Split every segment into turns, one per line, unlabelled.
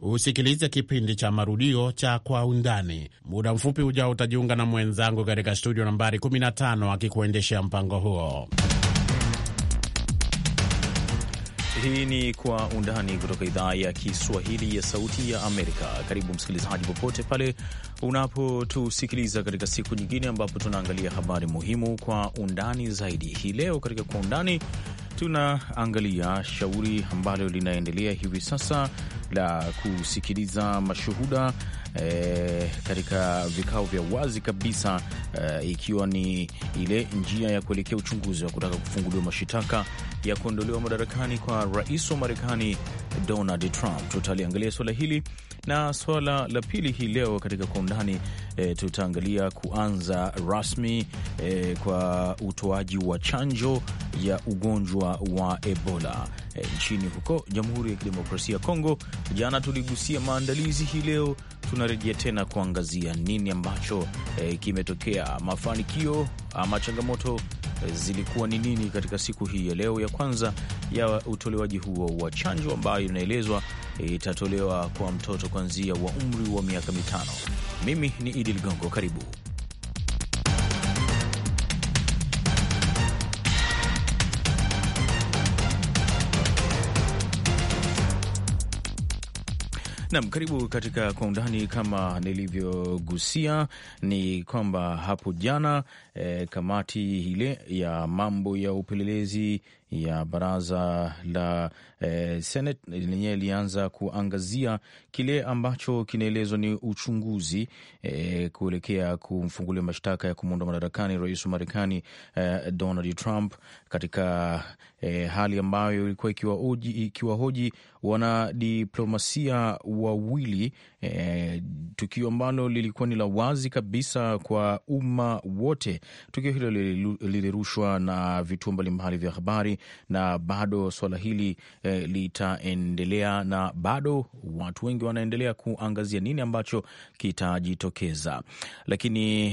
usikilize kipindi cha marudio cha Kwa Undani. Muda mfupi ujao utajiunga na mwenzangu katika studio nambari 15 akikuendeshea mpango huo. Hii ni Kwa Undani kutoka idhaa ya Kiswahili ya Sauti ya Amerika. Karibu msikilizaji, popote pale unapotusikiliza katika siku nyingine ambapo tunaangalia habari muhimu kwa undani zaidi. Hii leo katika Kwa Undani tunaangalia shauri ambalo linaendelea hivi sasa la kusikiliza mashuhuda e, katika vikao vya wazi kabisa e, ikiwa ni ile njia ya kuelekea uchunguzi wa kutaka kufunguliwa mashitaka ya kuondolewa madarakani kwa rais wa Marekani Donald Trump. Tutaliangalia suala hili na suala la pili hii leo katika kwa undani e, tutaangalia kuanza rasmi e, kwa utoaji wa chanjo ya ugonjwa wa Ebola e, nchini huko Jamhuri ya Kidemokrasia ya Kongo. Jana tuligusia maandalizi, hii leo tunarejea tena kuangazia nini ambacho e, kimetokea, mafanikio ama changamoto e, zilikuwa ni nini katika siku hii ya leo ya kwanza ya utolewaji huo wa chanjo ambayo inaelezwa itatolewa kwa mtoto kuanzia wa umri wa miaka mitano. Mimi ni Idi Ligongo, karibu Nam, karibu katika Kwa Undani. Kama nilivyogusia ni kwamba hapo jana e, kamati ile ya mambo ya upelelezi ya baraza la eh, Senate lenyewe ilianza kuangazia kile ambacho kinaelezwa ni uchunguzi eh, kuelekea kumfungulia mashtaka ya kumwondoa madarakani rais wa Marekani eh, Donald Trump katika eh, hali ambayo ilikuwa ikiwahoji ikiwahoji wanadiplomasia wawili eh, tukio ambalo lilikuwa ni la wazi kabisa kwa umma wote. Tukio hilo lilirushwa na vituo mbalimbali vya habari na bado swala hili eh, litaendelea na bado watu wengi wanaendelea kuangazia nini ambacho kitajitokeza, lakini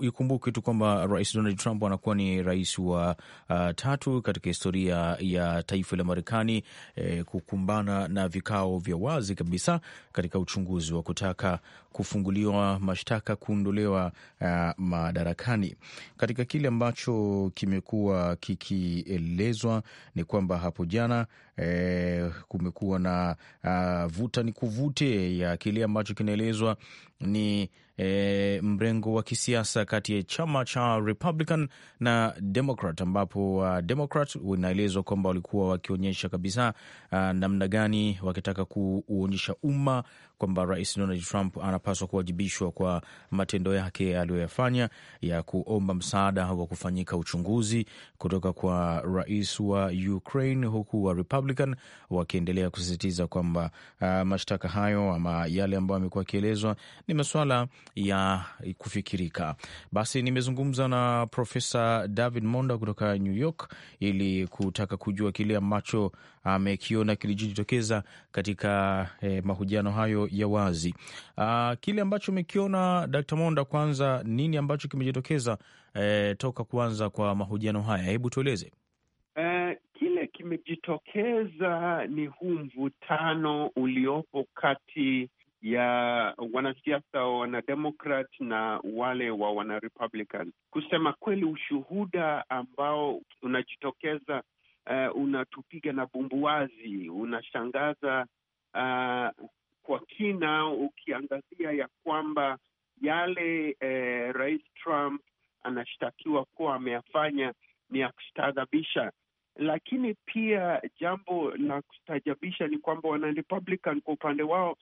ikumbuke tu kwamba Rais Donald Trump anakuwa ni rais wa uh, tatu katika historia ya taifa la Marekani eh, kukumbana na vikao vya wazi kabisa katika uchunguzi wa kutaka kufunguliwa mashtaka, kuondolewa uh, madarakani katika kile ambacho kimekuwa kikielezwa kuelezwa ni kwamba hapo jana eh, kumekuwa na uh, vuta ni kuvute ya kile ambacho kinaelezwa ni E, mrengo wa kisiasa kati ya chama cha Republican na Democrat ambapo uh, Democrat inaelezwa kwamba walikuwa wakionyesha kabisa uh, namna gani wakitaka kuonyesha umma kwamba Rais Donald Trump anapaswa kuwajibishwa kwa matendo yake aliyoyafanya ya kuomba msaada wa kufanyika uchunguzi kutoka kwa rais wa Ukraine, huku wa Republican Republican wakiendelea kusisitiza kwamba uh, mashtaka hayo ama yale ambayo amekuwa akielezwa ni masuala ya kufikirika. Basi nimezungumza na Profesa David Monda kutoka New York ili kutaka kujua kile ambacho amekiona kilijitokeza katika eh, mahojiano hayo ya wazi. Uh, kile ambacho umekiona Dr. Monda, kwanza nini ambacho kimejitokeza eh, toka kuanza kwa mahojiano haya, hebu tueleze.
Uh, kimejitokeza ni huu mvutano uliopo kati ya wanasiasa wa wanademokrat na wale wa wanarepublican. Kusema kweli, ushuhuda ambao unajitokeza uh, unatupiga na bumbuazi, unashangaza uh, kwa kina, ukiangazia ya kwamba yale eh, Rais Trump anashtakiwa kuwa ameyafanya ni ya kustaadhabisha lakini pia jambo la kustajabisha ni kwamba wanarepublican kwa upande wao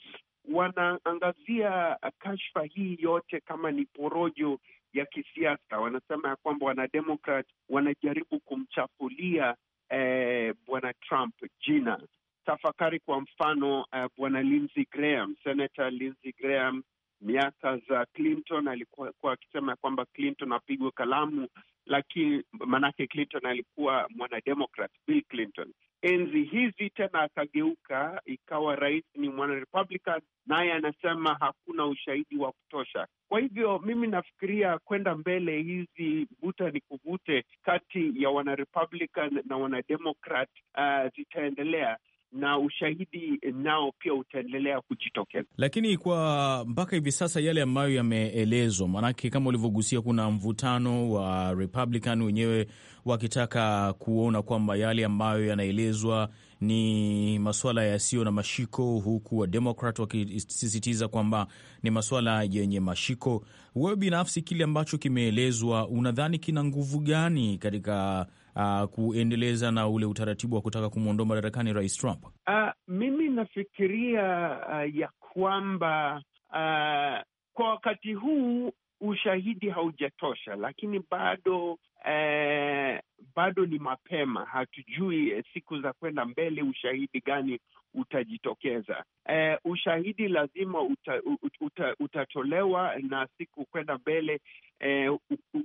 wanaangazia kashfa hii yote kama ni porojo ya kisiasa. Wanasema ya kwamba wanademokrat wanajaribu kumchafulia eh, bwana Trump jina. Tafakari kwa mfano eh, bwana Lindsey Graham, Senator Lindsey Graham miaka za Clinton alikuwa akisema kwamba Clinton apigwe kalamu, lakini maanake Clinton alikuwa mwanademokrat Bill Clinton. Enzi hizi tena akageuka, ikawa rais ni mwanarepublican, naye anasema hakuna ushahidi wa kutosha. Kwa hivyo mimi nafikiria kwenda mbele, hizi vuta ni kuvute kati ya wanarepublican na wanademokrat uh, zitaendelea na ushahidi nao pia utaendelea kujitokeza.
Lakini kwa mpaka hivi sasa yale ambayo yameelezwa, maanake kama ulivyogusia, kuna mvutano wa Republican wenyewe wakitaka kuona kwamba yale ambayo yanaelezwa ni masuala yasiyo na mashiko, huku wa Democrat wakisisitiza kwamba ni masuala yenye mashiko. Wewe binafsi, kile ambacho kimeelezwa unadhani kina nguvu gani katika uh, kuendeleza na ule utaratibu wa kutaka kumwondoa madarakani rais Trump?
Uh, mimi nafikiria uh, ya kwamba uh, kwa wakati huu ushahidi haujatosha, lakini bado eh, bado ni mapema. Hatujui eh, siku za kwenda mbele ushahidi gani utajitokeza. Eh, ushahidi lazima uta, uta, uta, utatolewa na siku kwenda mbele eh,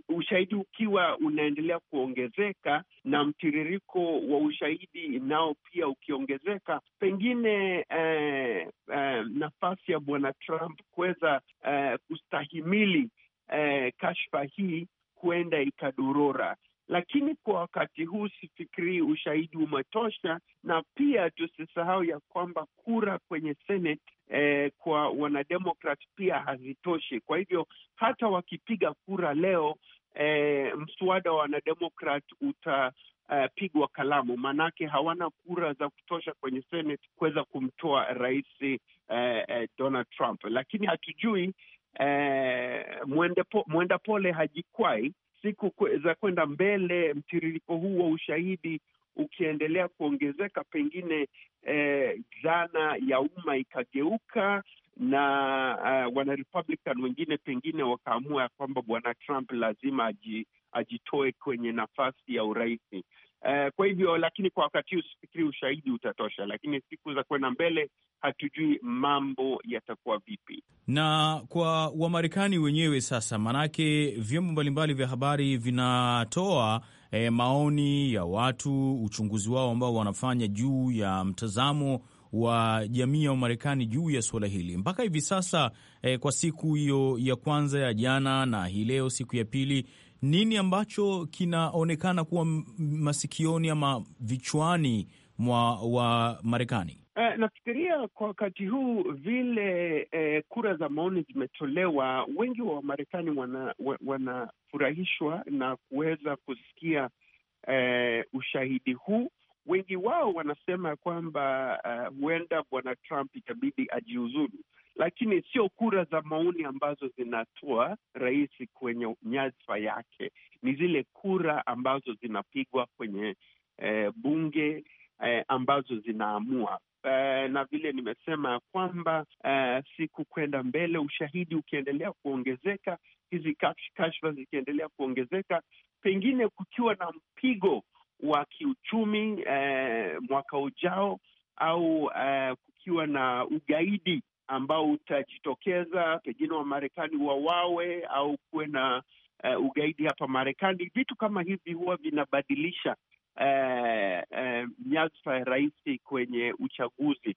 ushahidi ukiwa unaendelea kuongezeka na mtiririko wa ushahidi nao pia ukiongezeka, pengine eh, eh, nafasi ya bwana Trump kuweza eh, kustahimili eh, kashfa hii huenda ikadorora lakini kwa wakati huu sifikirii ushahidi umetosha, na pia tusisahau ya kwamba kura kwenye Senate eh, kwa wanademokrat pia hazitoshi. Kwa hivyo hata wakipiga kura leo eh, mswada wa wanademokrat utapigwa eh, uh, kalamu, maanake hawana kura za kutosha kwenye Senate kuweza kumtoa rais uh, uh, Donald Trump, lakini hatujui eh, mwenda pole hajikwai siku za kwenda mbele, mtiririko huu wa ushahidi ukiendelea kuongezeka, pengine eh, dhana ya umma ikageuka na uh, wanarepublican wengine pengine wakaamua ya kwamba bwana Trump lazima aji, ajitoe kwenye nafasi ya urais. Eh, kwa hivyo lakini kwa wakati huu sifikiri ushahidi utatosha, lakini siku za kwenda mbele hatujui mambo yatakuwa vipi.
Na kwa Wamarekani wenyewe sasa, maanake vyombo mbalimbali vya habari vinatoa eh, maoni ya watu, uchunguzi wao ambao wanafanya juu ya mtazamo wa jamii ya Wamarekani juu ya suala hili mpaka hivi sasa eh, kwa siku hiyo ya kwanza ya jana na hii leo siku ya pili nini ambacho kinaonekana kuwa masikioni ama vichwani mwa wa Marekani?
Uh, nafikiria kwa wakati huu vile eh, kura za maoni zimetolewa, wengi wa Wamarekani wanafurahishwa wana na kuweza kusikia eh, ushahidi huu. Wengi wao wanasema kwamba uh, huenda bwana Trump itabidi ajiuzulu, lakini sio kura za maoni ambazo zinatoa rais kwenye nyadhifa yake, ni zile kura ambazo zinapigwa kwenye eh, bunge eh, ambazo zinaamua eh, na vile nimesema ya kwamba eh, siku kwenda mbele, ushahidi ukiendelea kuongezeka, hizi kashfa zikiendelea kuongezeka, pengine kukiwa na mpigo wa kiuchumi eh, mwaka ujao au eh, kukiwa na ugaidi ambao utajitokeza, pengine Wamarekani wawawe au kuwe na uh, ugaidi hapa Marekani. Vitu kama hivi huwa vinabadilisha uh, uh, nyadhifa ya rais kwenye uchaguzi,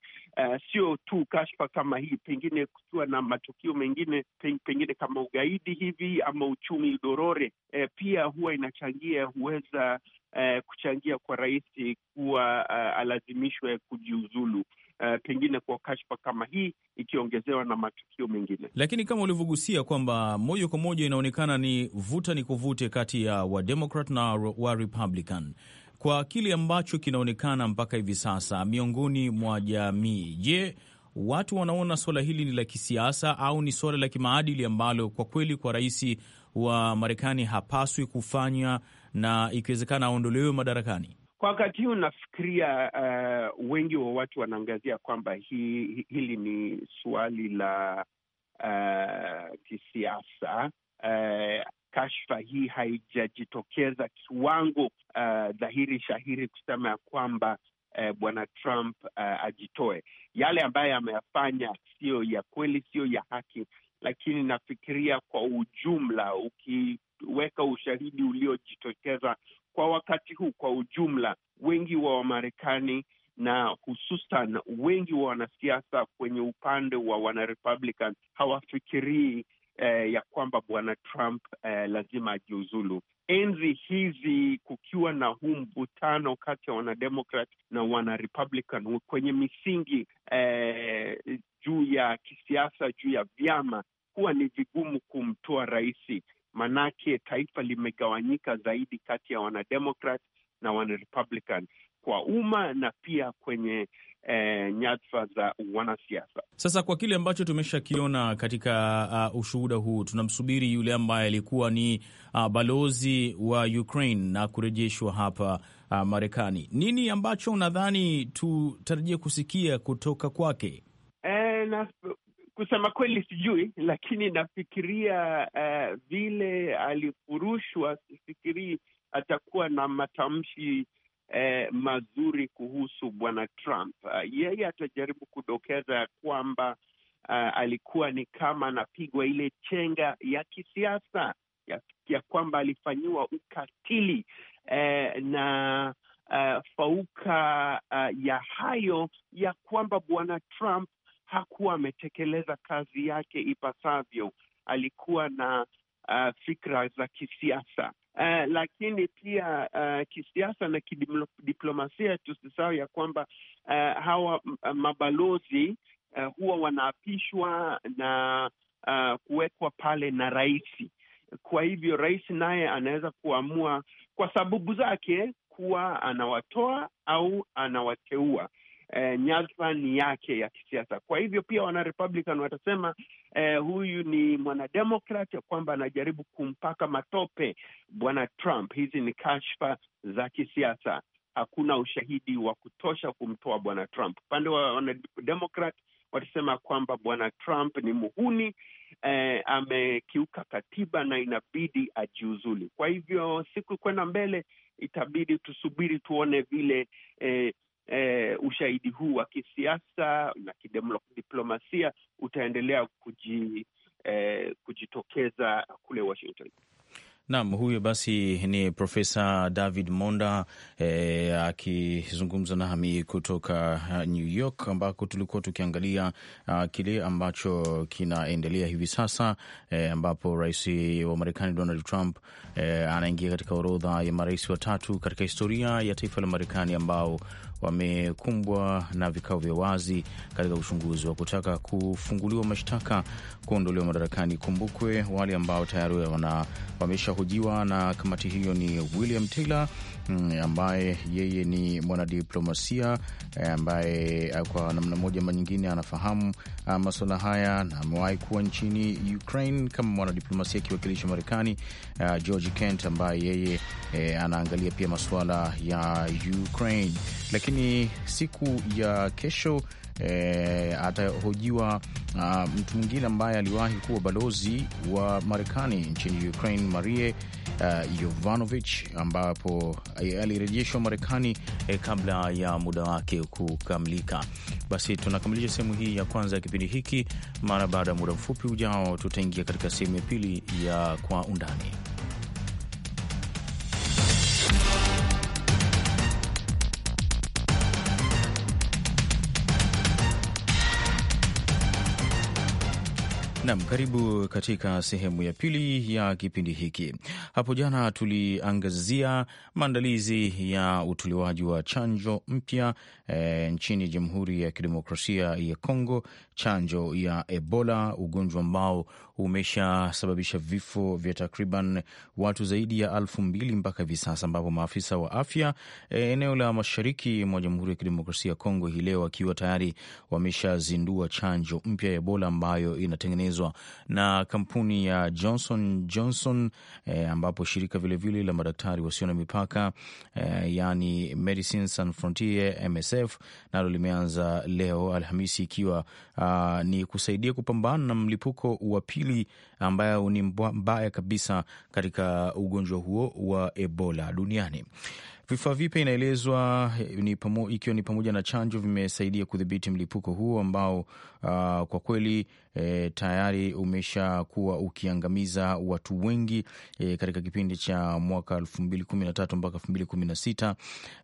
sio tu kashfa kama hii, pengine kukiwa na matukio mengine, pengine kama ugaidi hivi ama uchumi udorore uh, pia huwa inachangia, huweza uh, kuchangia kwa rais kuwa uh, alazimishwe kujiuzulu uh, pengine kwa kashfa kama hii ikiongezewa na matukio mengine. Lakini
kama ulivyogusia kwamba moja kwa moja inaonekana ni vuta ni kuvute kati ya Wademokrat na wa Republican kwa kile ambacho kinaonekana mpaka hivi sasa miongoni mwa jamii. Je, watu wanaona suala hili ni la kisiasa au ni suala la kimaadili ambalo kwa kweli kwa rais wa Marekani hapaswi kufanya na ikiwezekana aondolewe madarakani?
Kwa wakati huu nafikiria uh, wengi wa watu wanaangazia kwamba hi, hili ni suali la uh, kisiasa uh, kashfa hii haijajitokeza kiwango uh, dhahiri shahiri kusema ya kwamba uh, bwana Trump uh, ajitoe. Yale ambayo ameyafanya siyo ya kweli, siyo ya haki, lakini nafikiria kwa ujumla ukiweka ushahidi uliojitokeza kwa wakati huu kwa ujumla, wengi wa Wamarekani na hususan wengi wa wanasiasa kwenye upande wa wanarepublican hawafikirii eh, ya kwamba bwana Trump eh, lazima ajiuzulu. Enzi hizi kukiwa na huu mvutano kati ya wanademokrat na wanarepublican kwenye misingi eh, juu ya kisiasa, juu ya vyama, huwa ni vigumu kumtoa raisi manake taifa limegawanyika zaidi kati ya wanademokrat na wanarepublican kwa umma na pia kwenye eh, nyadfa za wanasiasa.
Sasa kwa kile ambacho tumeshakiona katika uh, ushuhuda huu, tunamsubiri yule ambaye alikuwa ni uh, balozi wa Ukraine na kurejeshwa hapa uh, Marekani. Nini ambacho unadhani tutarajia kusikia kutoka kwake?
E,
na kusema kweli sijui, lakini nafikiria uh, vile alifurushwa, sifikirii atakuwa na matamshi uh, mazuri kuhusu bwana Trump. Uh, yeye atajaribu kudokeza ya kwamba uh, alikuwa ni kama anapigwa ile chenga ya kisiasa ya, ya kwamba alifanyiwa ukatili uh, na uh, fauka uh, ya hayo ya kwamba bwana Trump hakuwa ametekeleza kazi yake ipasavyo. Alikuwa na uh, fikra za kisiasa uh, lakini pia uh, kisiasa na kidiplomasia, tusisahau ya kwamba uh, hawa uh, mabalozi uh, huwa wanaapishwa na uh, kuwekwa pale na raisi. Kwa hivyo rais naye anaweza kuamua kwa sababu zake kuwa anawatoa au anawateua eh, nyadhifa ni yake ya kisiasa. Kwa hivyo pia wana Republican watasema eh, huyu ni mwanademokrat ya kwamba anajaribu kumpaka matope bwana Trump. Hizi ni kashfa za kisiasa, hakuna ushahidi wa kutosha kumtoa bwana Trump. Upande wa wanademokrat watasema kwamba bwana Trump ni muhuni eh, amekiuka katiba na inabidi ajiuzulu. Kwa hivyo siku kwenda mbele itabidi tusubiri tuone vile eh, eh, ushahidi huu wa kisiasa na kidiplomasia utaendelea kuji, eh, kujitokeza kule Washington.
Naam, huyo basi ni Profesa David Monda eh, akizungumza nami kutoka eh, New York ambako tulikuwa tukiangalia uh, kile ambacho kinaendelea hivi sasa eh, ambapo rais wa Marekani Donald Trump eh, anaingia katika orodha ya marais watatu katika historia ya taifa la Marekani ambao wamekumbwa na vikao vya wazi katika uchunguzi wa kutaka kufunguliwa mashtaka, kuondolewa madarakani. Kumbukwe wale ambao tayari wameshahojiwa na kamati hiyo ni William Taylor Mm, ambaye yeye ni mwanadiplomasia eh, ambaye eh, kwa namna moja ama nyingine anafahamu ah, masuala haya na amewahi kuwa nchini Ukraine kama mwanadiplomasia akiwakilisha Marekani. Uh, George Kent ambaye yeye eh, anaangalia pia masuala ya Ukraine, lakini siku ya kesho e, atahojiwa uh, mtu mwingine ambaye aliwahi kuwa balozi wa Marekani nchini Ukraine, Marie uh, Yovanovich, ambapo alirejeshwa Marekani eh, kabla ya muda wake kukamilika. Basi tunakamilisha sehemu hii ya kwanza ya kipindi hiki. Mara baada ya muda mfupi ujao, tutaingia katika sehemu ya pili ya Kwa Undani. Nam, karibu katika sehemu ya pili ya kipindi hiki. Hapo jana tuliangazia maandalizi ya utolewaji wa chanjo mpya e, nchini Jamhuri ya Kidemokrasia ya Kongo, chanjo ya Ebola, ugonjwa ambao umeshasababisha vifo vya takriban watu zaidi ya alfu mbili mpaka hivi sasa, ambapo maafisa wa afya e, eneo la mashariki mwa Jamhuri ya Kidemokrasia ya Kongo hii leo wakiwa tayari wameshazindua chanjo mpya ya Ebola ambayo inatengenezwa kutengenezwa na kampuni ya Johnson Johnson, eh, ambapo shirika vilevile vile la madaktari wasio na mipaka eh, yani Medicine San Frontier MSF nalo limeanza leo Alhamisi ikiwa uh, ni kusaidia kupambana na mlipuko wa pili ambayo ni mbaya kabisa katika ugonjwa huo wa Ebola duniani. Vifaa vipya inaelezwa eh, ni pamoja, ikiwa ni pamoja na chanjo, vimesaidia kudhibiti mlipuko huo ambao, uh, kwa kweli e, tayari umeshakuwa ukiangamiza watu wengi e, katika kipindi cha mwaka elfu mbili kumi na tatu mpaka elfu mbili kumi na sita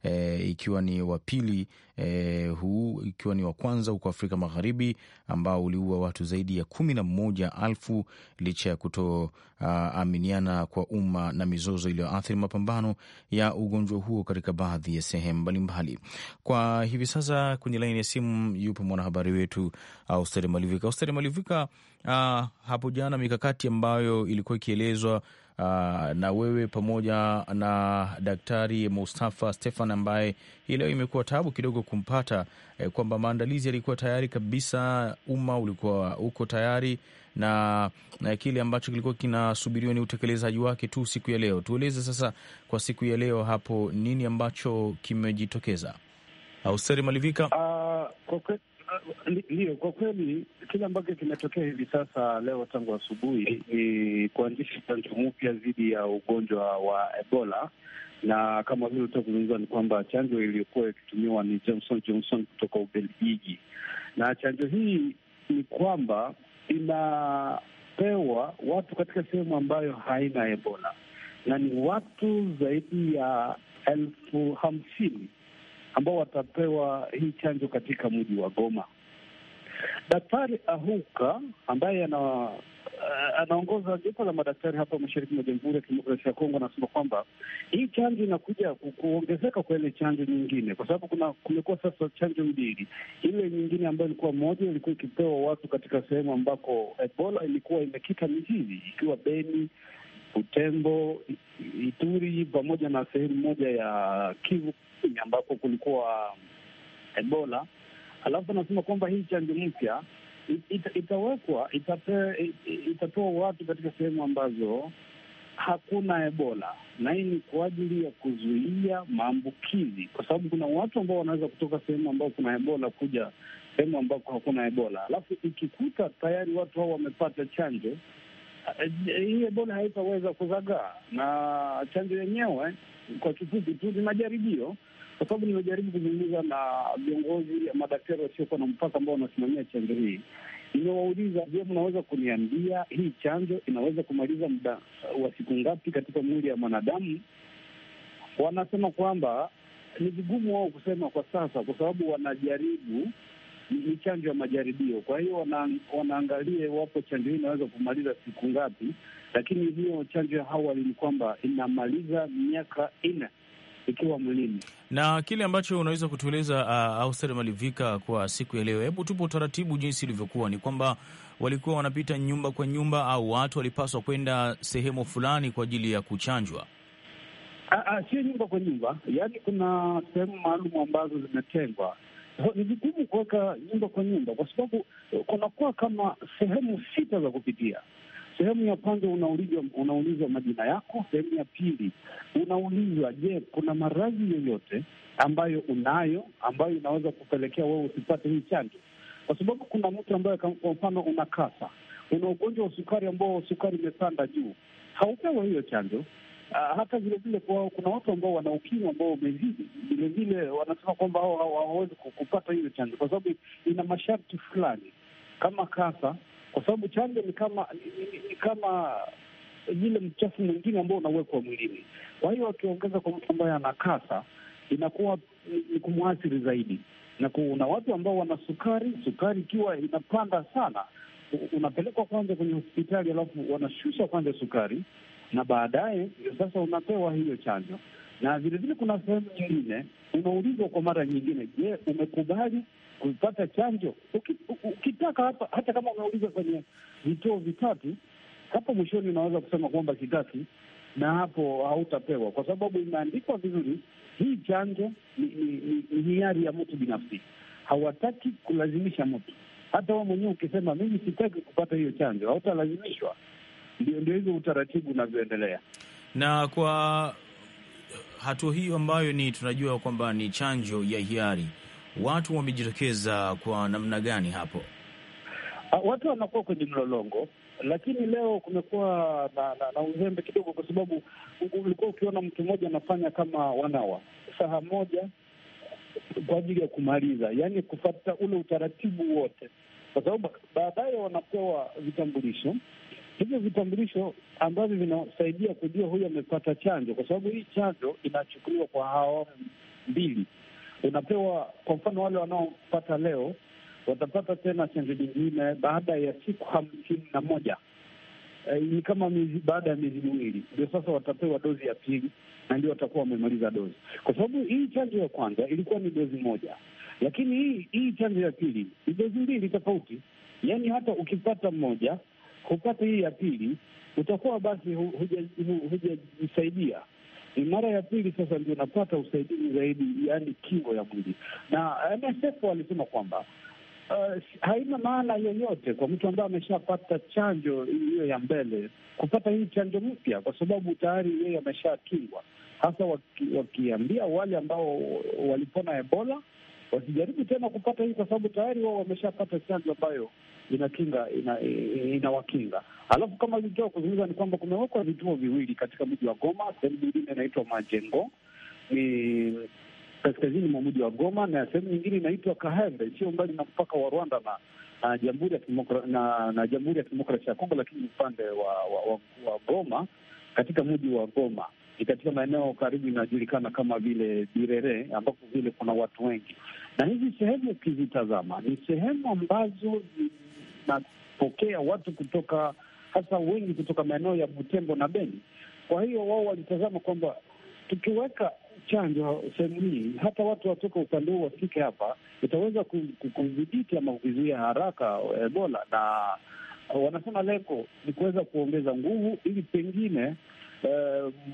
e, ikiwa ni wa pili e, huu ikiwa ni wa kwanza huko Afrika Magharibi ambao uliua watu zaidi ya kumi na mmoja alfu licha ya kutoaminiana kwa umma na mizozo iliyoathiri mapambano ya ugonjwa huo katika baadhi ya sehemu mbalimbali. Kwa hivi sasa kwenye laini ya simu yupo mwanahabari wetu Austeri Malivika. Austeri Malivika, Afrika uh, hapo jana mikakati ambayo ilikuwa ikielezwa uh, na wewe pamoja na Daktari Mustafa Stefan ambaye hii leo imekuwa tabu kidogo kumpata eh, kwamba maandalizi yalikuwa tayari kabisa, umma ulikuwa uko tayari na, na kile ambacho kilikuwa kinasubiriwa ni utekelezaji wake tu siku ya leo. Tueleze sasa kwa siku ya leo hapo nini ambacho kimejitokeza, Austeri Malivika? Uh,
ah, okay. Ndiyo, kwa kweli kile ambacho kimetokea hivi sasa leo tangu asubuhi ni kuanzisha chanjo mpya dhidi ya ugonjwa wa Ebola, na kama vile utazungumza ni kwamba chanjo iliyokuwa ikitumiwa ni Johnson Johnson kutoka Ubelgiji, na chanjo hii ni kwamba inapewa watu katika sehemu ambayo haina Ebola na ni watu zaidi ya elfu hamsini ambao watapewa hii chanjo katika mji wa Goma. Daktari Ahuka ambaye ana eh, anaongoza jopo la madaktari hapa mashariki mwa Jamhuri ya Kidemokrasia ya Kongo anasema kwamba hii chanjo inakuja kuongezeka kwa ile chanjo nyingine, kwa sababu kuna kumekuwa sasa chanjo mbili. Ile nyingine ambayo ilikuwa moja ilikuwa ikipewa watu katika sehemu ambako Ebola ilikuwa imekita mizizi, ikiwa Beni, Butembo, Ituri pamoja na sehemu moja ya Kivu Kusini ambako kulikuwa Ebola, alafu anasema kwamba hii chanjo mpya ita, itawekwa itape, itatoa watu katika sehemu ambazo hakuna Ebola, na hii ni kwa ajili ya kuzuia maambukizi, kwa sababu kuna watu ambao wanaweza kutoka sehemu ambao kuna Ebola kuja sehemu ambako hakuna Ebola, alafu ikikuta tayari watu hao wamepata chanjo eh, eh, hii Ebola haitaweza kuzagaa na chanjo yenyewe kwa kifupi tu ni majaribio, kwa sababu nimejaribu kuzungumza na viongozi madaktari wasiokuwa na mpaka ambao wanasimamia chanjo hii. Nimewauliza, je, mnaweza kuniambia hii chanjo inaweza kumaliza muda wa siku ngapi katika mwili ya mwanadamu? Wanasema kwamba ni vigumu wao kusema kwa sasa, kwa sababu wanajaribu ni chanjo ya majaribio. Kwa hiyo wana, wanaangalia iwapo chanjo hii inaweza kumaliza siku ngapi, lakini hiyo chanjo ya awali ni kwamba inamaliza miaka nne ikiwa mwilini.
Na kile ambacho unaweza kutueleza uh, Auster Malivika, kwa siku ya leo, hebu tupo utaratibu jinsi ilivyokuwa, ni kwamba walikuwa wanapita nyumba kwa nyumba au watu walipaswa kwenda sehemu fulani kwa ajili ya kuchanjwa?
Ah, ah, Sio nyumba kwa nyumba, yaani kuna sehemu maalum ambazo zimetengwa. Ni vigumu kuweka nyumba kwa nyumba, kwa sababu eh, kunakuwa kama sehemu sita za kupitia Sehemu ya kwanza unaulizwa, unaulizwa majina yako. Sehemu ya pili unaulizwa, je, kuna maradhi yoyote ambayo unayo ambayo inaweza kupelekea wewe usipate hii chanjo? Kwa sababu kuna mtu ambaye, kwa mfano, una kasa, una ugonjwa wa sukari ambao sukari imepanda juu, haupewa hiyo chanjo. Uh, hata vilevile kuna watu ambao wana ukimwi ambao wamezidi, vilevile wanasema kwamba hao hawawezi kupata hiyo chanjo kwa sababu ina masharti fulani kama kasa kwa sababu chanjo ni kama ni kama vile mchafu mwingine ambao unawekwa mwilini. Kwa hiyo wakiongeza kwa mtu ambaye anakasa, inakuwa ni kumwathiri zaidi, na kuna watu ambao wana sukari. Sukari ikiwa inapanda sana, unapelekwa kwanza kwenye hospitali, alafu wanashusha kwanza sukari na baadaye ndio sasa unapewa hiyo chanjo. Na vilevile kuna sehemu nyingine unaulizwa kwa mara nyingine, je, umekubali kupata chanjo. Ukitaka hapa, hata kama unauliza kwenye vituo vitatu, hapo mwishoni unaweza kusema kwamba sitaki, na hapo hautapewa kwa sababu imeandikwa vizuri. Hii chanjo ni, ni, ni, ni hiari ya mtu binafsi, hawataki kulazimisha mtu. Hata wewe mwenyewe ukisema mimi sitaki kupata hiyo chanjo, hautalazimishwa. Ndio, ndio hivyo utaratibu unavyoendelea.
Na kwa hatua hiyo ambayo ni tunajua kwamba ni chanjo ya hiari watu wamejitokeza kwa namna gani hapo?
Uh, watu wanakuwa kwenye mlolongo lakini leo kumekuwa na, na, na uzembe kidogo, kwa sababu ulikuwa ukiona mtu mmoja anafanya kama wanawa saha moja kwa ajili ya kumaliza, yaani kufata ule utaratibu wote, kwa sababu baadaye wanapewa vitambulisho. Hivyo vitambulisho ambavyo vinasaidia kujua huyu amepata chanjo, kwa sababu hii chanjo inachukuliwa kwa awamu mbili unapewa. Kwa mfano, wale wanaopata leo watapata tena chanjo nyingine baada ya siku hamsini na moja eh, ni e, kama mizi, baada ya miezi miwili ndio sasa watapewa dozi ya pili, na ndio watakuwa wamemaliza dozi, kwa sababu hii chanjo ya kwanza ilikuwa ni dozi moja, lakini hii hii chanjo ya pili ni dozi mbili tofauti. Yaani hata ukipata mmoja kupata hii ya pili, utakuwa basi hujajisaidia hu, hu, huja, ni mara ya pili sasa ndio napata usaidizi zaidi, yaani kingo ya mwili, na MSF walisema kwamba Uh, haina maana yoyote kwa mtu ambaye ameshapata chanjo hiyo ya mbele kupata hii chanjo mpya, kwa sababu tayari yeye ameshakingwa. Hasa wakiambia waki wale ambao walipona Ebola wasijaribu tena kupata hii, kwa sababu tayari wao wameshapata chanjo ambayo inakinga ina, e, e, inawakinga. Alafu kama ilitoa kuzungumza ni kwamba kumewekwa vituo viwili katika mji wa Goma, sehemu nyingine inaitwa Majengo ni kaskazini mwa mji wa Goma na sehemu nyingine inaitwa Kahembe, sio mbali na mpaka wa Rwanda na na Jamhuri ya Kidemokrasia na, na Jamhuri ya Kidemokrasia ya Kongo, lakini upande wa, wa, wa, wa Goma, katika mji wa Goma ni katika maeneo karibu inajulikana kama vile Birere ambapo vile kuna watu wengi, na hizi sehemu ukizitazama ni sehemu ambazo inapokea watu kutoka hasa wengi kutoka maeneo ya Butembo na Beni. Kwa hiyo wao walitazama kwamba tukiweka chanjo sehemu hii, hata watu watoka upande huu wafike hapa, itaweza kudhibiti ama kukizuia haraka eh, Ebola. Na wanasema lengo ni kuweza kuongeza nguvu ili pengine e,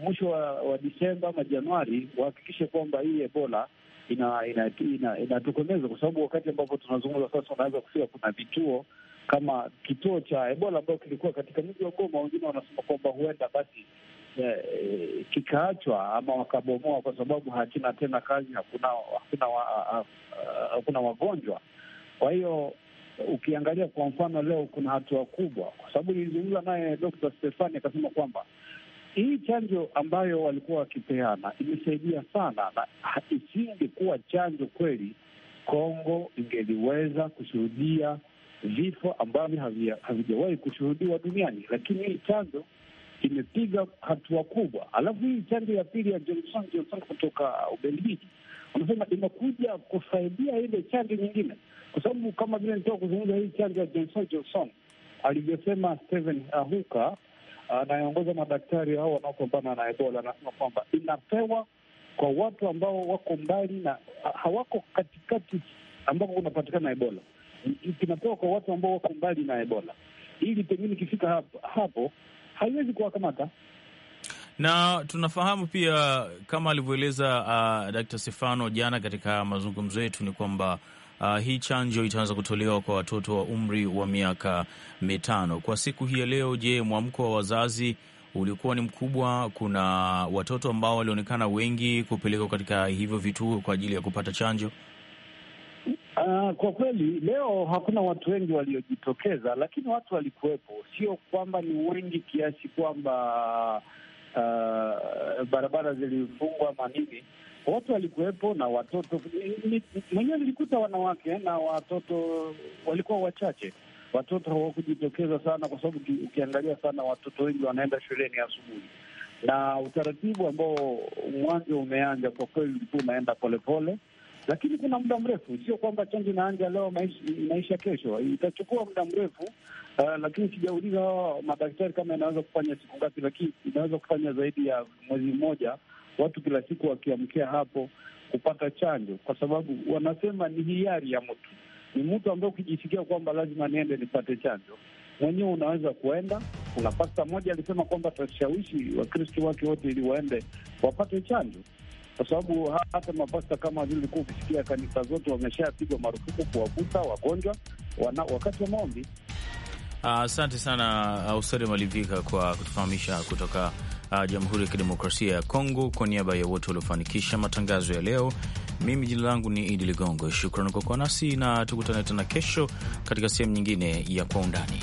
mwisho wa, wa Disemba ama Januari wahakikishe kwamba hii Ebola inatokomezwa ina, ina, ina, kwa sababu wakati ambapo tunazungumza sasa, unaweza kufika kuna vituo kama kituo cha Ebola ambayo kilikuwa katika mji wa Goma. Wengine wanasema kwamba huenda basi e, kikaachwa ama wakabomoa, kwa sababu hakina tena kazi, hakuna hakuna wa, hakuna wagonjwa. Kwa hiyo ukiangalia kwa mfano leo kuna hatua kubwa, kwa sababu nilizungumza naye Dr. Stefani akasema kwamba hii chanjo ambayo walikuwa wakipeana imesaidia sana, na isingekuwa chanjo kweli, Kongo ingeliweza kushuhudia vifo ambavyo havijawahi kushuhudiwa duniani, lakini hii chanjo imepiga hatua kubwa. Alafu hii chanjo ya pili ya Johnson Johnson kutoka Ubelgiji wanasema imekuja kusaidia ile chanjo nyingine, kwa sababu kama vile nitoka kuzungumza hii chanjo ya Johnson Johnson alivyosema stehen Ahuka ah, anayeongoza madaktari hao wanaopambana na Ebola, anasema kwamba inapewa kwa watu ambao wako mbali na hawako katikati ambako kunapatikana Ebola kinatoka kwa watu ambao wako mbali na Ebola, ili pengine ikifika hapo, hapo haiwezi kuwakamata
na tunafahamu pia kama alivyoeleza uh, Dr. Stefano jana katika mazungumzo yetu ni kwamba uh, hii chanjo itaanza kutolewa kwa watoto wa umri wa miaka mitano. Kwa siku hii ya leo, je, mwamko wa wazazi ulikuwa ni mkubwa? Kuna watoto ambao walionekana wengi kupelekwa katika hivyo vituo kwa ajili ya kupata chanjo?
Uh, kwa kweli leo hakuna watu wengi waliojitokeza, lakini watu walikuwepo, sio kwamba ni wengi kiasi kwamba uh, barabara zilifungwa ama nini. Watu walikuwepo na watoto, mwenyewe nilikuta wanawake na watoto walikuwa wachache. Watoto hawakujitokeza sana, kwa sababu ukiangalia sana watoto wengi wanaenda shuleni asubuhi, na utaratibu ambao mwanzo umeanja kwa kweli ulikuwa unaenda polepole pole lakini kuna muda mrefu, sio kwamba chanjo inaanja leo inaisha kesho, itachukua muda mrefu uh, lakini sijauliza hawa madaktari kama inaweza kufanya siku ngapi, lakini inaweza kufanya zaidi ya mwezi mmoja, watu kila siku wakiamkia hapo kupata chanjo, kwa sababu wanasema ni hiari ya mtu, ni mtu ambaye ukijisikia kwamba lazima niende nipate chanjo mwenyewe unaweza kuenda. Kuna pasta moja alisema kwamba atashawishi Wakristo wake wote ili waende wapate chanjo kwa sababu hata mapasta kama vile ulikuwa ukisikia kanisa zote wameshapigwa marufuku kuwavuta wagonjwa wana, wakati wa maombi.
Ah, asante uh, sana ah, Austere uh, Malivika kwa kutufahamisha kutoka uh, Jamhuri ya Kidemokrasia ya Kongo. Kwa niaba ya wote waliofanikisha matangazo ya leo, mimi jina langu ni Idi Ligongo. Shukran kwa kuwa nasi na tukutane tena kesho katika sehemu nyingine ya Kwa Undani.